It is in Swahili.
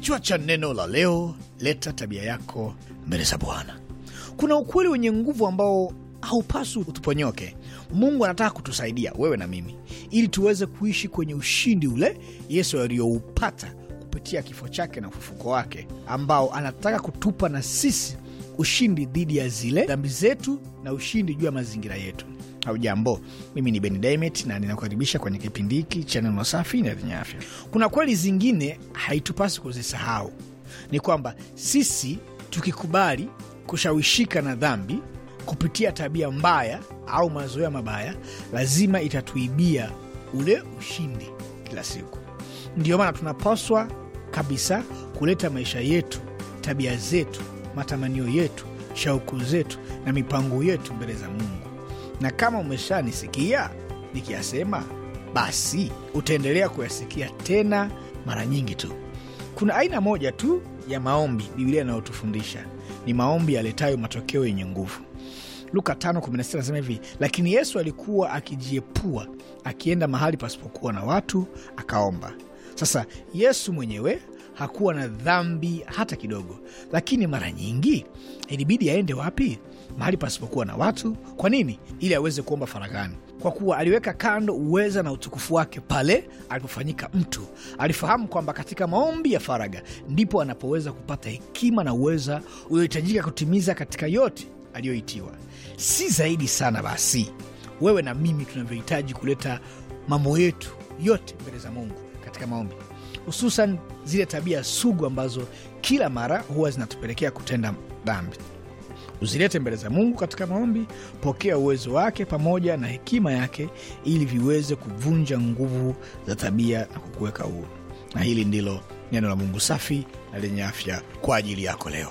Kichwa cha neno la leo, leta tabia yako mbele za Bwana. Kuna ukweli wenye nguvu ambao haupaswi utuponyoke. Mungu anataka kutusaidia wewe na mimi, ili tuweze kuishi kwenye ushindi ule Yesu aliyoupata kupitia kifo chake na ufufuko wake, ambao anataka kutupa na sisi ushindi dhidi ya zile dhambi zetu na ushindi juu ya mazingira yetu au jambo mimi ni Ben na ninakukaribisha kwenye kipindi hiki cha neno safi na lenye afya. Kuna kweli zingine haitupasi kuzisahau, ni kwamba sisi tukikubali kushawishika na dhambi kupitia tabia mbaya au mazoea mabaya, lazima itatuibia ule ushindi kila siku. Ndiyo maana tunapaswa kabisa kuleta maisha yetu, tabia zetu, matamanio yetu, shauku zetu na mipango yetu mbele za Mungu na kama umeshanisikia nikiyasema, basi utaendelea kuyasikia tena mara nyingi tu. Kuna aina moja tu ya maombi Biblia inayotufundisha ni maombi yaletayo matokeo yenye nguvu. Luka 5:16 nasema hivi, lakini Yesu alikuwa akijiepua akienda mahali pasipokuwa na watu akaomba. Sasa Yesu mwenyewe hakuwa na dhambi hata kidogo, lakini mara nyingi ilibidi aende wapi? Mahali pasipokuwa na watu. Kwa nini? Ili aweze kuomba faraghani, kwa kuwa aliweka kando uweza na utukufu wake pale alipofanyika mtu. Alifahamu kwamba katika maombi ya faraga ndipo anapoweza kupata hekima na uweza uliohitajika kutimiza katika yote aliyoitiwa. Si zaidi sana basi wewe na mimi tunavyohitaji kuleta mambo yetu yote mbele za Mungu katika maombi, hususan zile tabia sugu ambazo kila mara huwa zinatupelekea kutenda dhambi. Uzilete mbele za Mungu katika maombi, pokea uwezo wake pamoja na hekima yake, ili viweze kuvunja nguvu za tabia na kukuweka huru. Na hili ndilo neno la Mungu safi na lenye afya kwa ajili yako leo.